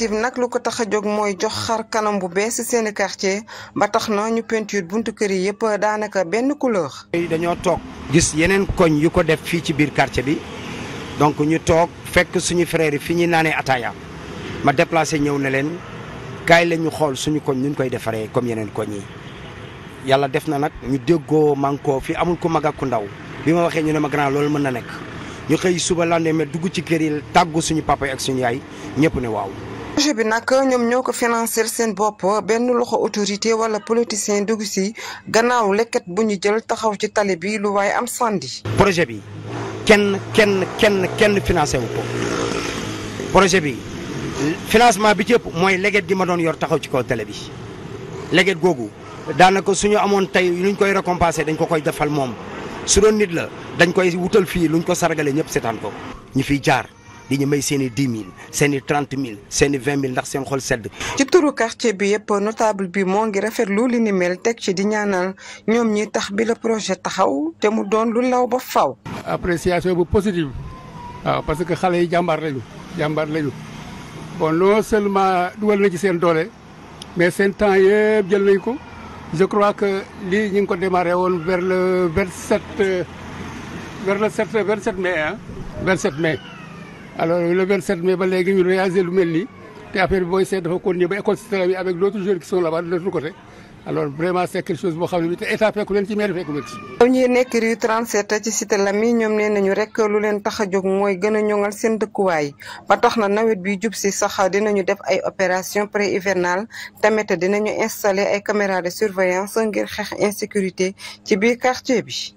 initiative nag lu ko tax a jóg mooy jox xar kanam bu bees ci seeni quartier ba tax na ñu peinture buntu kër yi yëpp daanaka benn couleur. dañoo toog gis yeneen koñ yu ko def fii ci biir quartier bi donc ñu toog fekk suñu frères yi fi ñuy naanee ataaya ma déplacé ñëw ne leen kaay la ñu xool suñu koñ nuñ koy defaree comme yeneen koñ yi yàlla def na nag ñu déggoo mànkoo fi amul ku mag ak ku ndaw bi ma waxee ñu ne ma grand loolu mën na nekk. ñu xëy suba lande ma dugg ci kër yi tàggu suñu papa ak suñu yaay ñëpp ne waaw projet bi nag ñoom ñoo ko financer seen bopp benn loxo autorité wala politicien dugg si gannaaw lekket bu ñu jël taxaw ci tali bi lu waaye am sandi projet bi kenn kenn kenn kenn financé wu ko projet bi financement bi cëpp mooy leget gi ma doon yor taxaw ci kaw télé bi leget googu daanaka suñu amoon tey luñ koy récompenser dañ ko koy defal moom su doon nit la dañ koy wutal fii luñ ko sargale ñëpp seetaan ko ñu fiy jaar di ñu may seen i dix mille seeni i trente mille seeni i vingt mille ndax seen xol sedd. ci turu quartier bi yëpp notable bi moo ngi rafetlu li ni mel teg ci di ñaanal ñoom ñi tax bi la projet taxaw te mu doon lu law ba faw appréciation bu positive waaw parce que xale yi jàmbaar lañu jàmbaar lañu bon non seulement dugal na ci seen doole mais seen temps yëpp jël nañ ko je crois que lii ñu ngi ko démarré woon vers le vingt sept vers le sept vingt sept mai ah vingt sept mai. alors le 27 mai ba léegi ñu réalisé lu mel nii te affaire bi booy seet dafa continuer ba école citadelle avec d'autres jeunes qui sont là-bas de boo xam ne bi te état fekku leen ci maire fekku leen ñoom ñi nekk rue nañu rek lu leen tax a jóg mooy gën a ñoŋal seen dëkkuwaay ba tax na nawet bi jub si sax ñu def ay opération pré hivernale tamit dinañu installé ay caméras de surveillance ngir xeex insécurité ci biir quartier bi